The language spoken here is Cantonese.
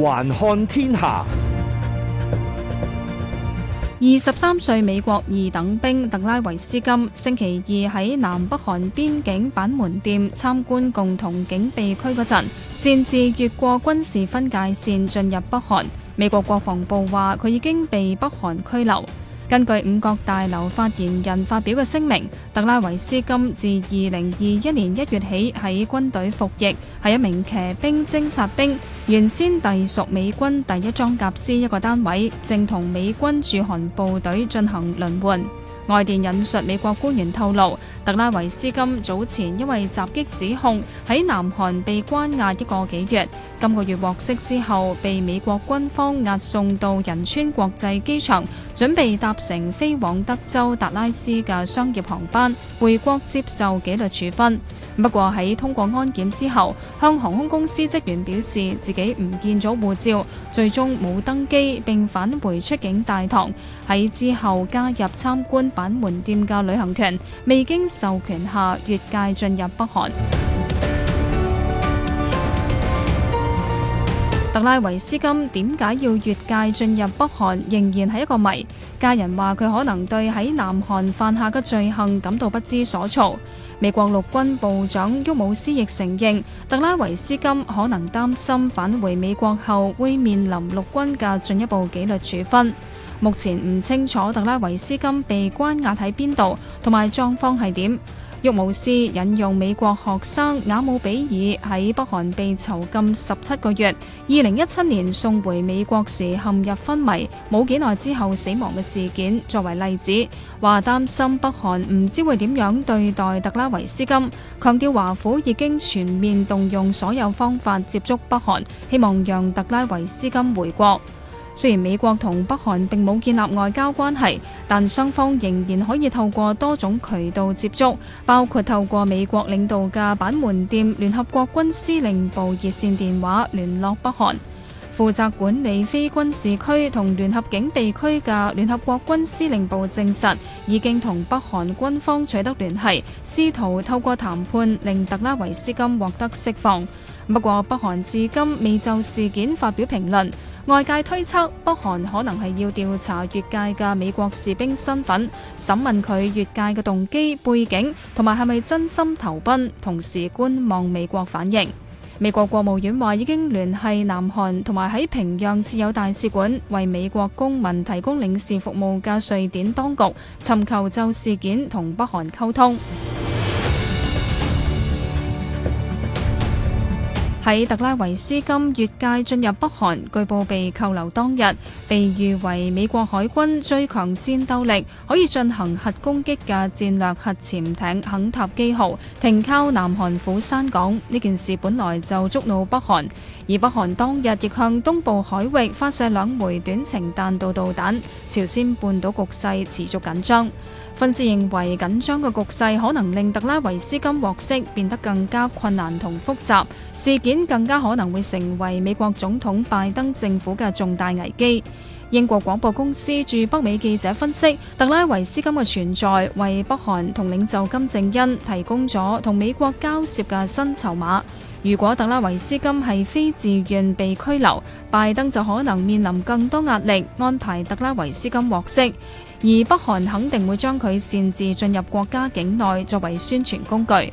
環看天下。二十三歲美國二等兵特拉維斯金，星期二喺南北韓邊境板門店參觀共同警備區嗰陣，擅自越過軍事分界線進入北韓。美國國防部話佢已經被北韓拘留。根據五國大樓發言人發表嘅聲明，特拉維斯金自二零二一年一月起喺軍隊服役，係一名騎兵偵察兵，原先隸屬美軍第一裝甲師一個單位，正同美軍駐韓部隊進行輪換。外電引述美國官員透露，特拉維斯金早前因為襲擊指控喺南韓被關押一個幾月，今個月獲釋之後，被美國軍方押送到仁川國際機場，準備搭乘飛往德州達拉斯嘅商業航班回國接受紀律處分。不過喺通過安檢之後，向航空公司職員表示自己唔見咗護照，最終冇登機，並返回出境大堂，喺之後加入參觀板門店嘅旅行團未經授權下越界進入北韓。特拉維斯金點解要越界進入北韓，仍然係一個謎。家人話佢可能對喺南韓犯下嘅罪行感到不知所措。美國陸軍部長沃姆斯亦承認，特拉維斯金可能擔心返回美國後會面臨陸軍嘅進一步紀律處分。目前唔清楚特拉維斯金被關押喺邊度，同埋狀況係點。沃姆斯引用美國學生雅姆比爾喺北韓被囚禁十七個月，二零一七年送回美國時陷入昏迷，冇幾耐之後死亡嘅事件作為例子，話擔心北韓唔知會點樣對待特拉維斯金，強調華府已經全面動用所有方法接觸北韓，希望讓特拉維斯金回國。雖然美國同北韓並冇建立外交關係，但雙方仍然可以透過多種渠道接觸，包括透過美國領導嘅板門店聯合國軍司令部熱線電話聯絡北韓。負責管理非軍事區同聯合警備區嘅聯合國軍司令部證實，已經同北韓軍方取得聯繫，試圖透過談判令特拉維斯金獲得釋放。不過，北韓至今未就事件發表評論。外界推測，北韓可能係要調查越界嘅美國士兵身份，審問佢越界嘅動機背景，同埋係咪真心投奔，同時觀望美國反應。美國國務院話已經聯繫南韓同埋喺平壤設有大使館、為美國公民提供領事服務嘅瑞典當局，尋求就事件同北韓溝通。喺特拉維斯金越界進入北韓，據報被扣留當日，被譽為美國海軍最強戰鬥力、可以進行核攻擊嘅戰略核潛艇肯塔基號停靠南韓釜山港，呢件事本來就觸怒北韓，而北韓當日亦向東部海域發射兩枚短程彈道導彈，朝鮮半島局勢持續緊張。分析認為，緊張嘅局勢可能令特拉維斯金獲釋變得更加困難同複雜。事件。演更加可能會成為美國總統拜登政府嘅重大危機。英國廣播公司駐北美記者分析，特拉維斯金嘅存在為北韓同領袖金正恩提供咗同美國交涉嘅新籌碼。如果特拉維斯金係非自願被拘留，拜登就可能面臨更多壓力，安排特拉維斯金獲釋，而北韓肯定會將佢擅自進入國家境內作為宣傳工具。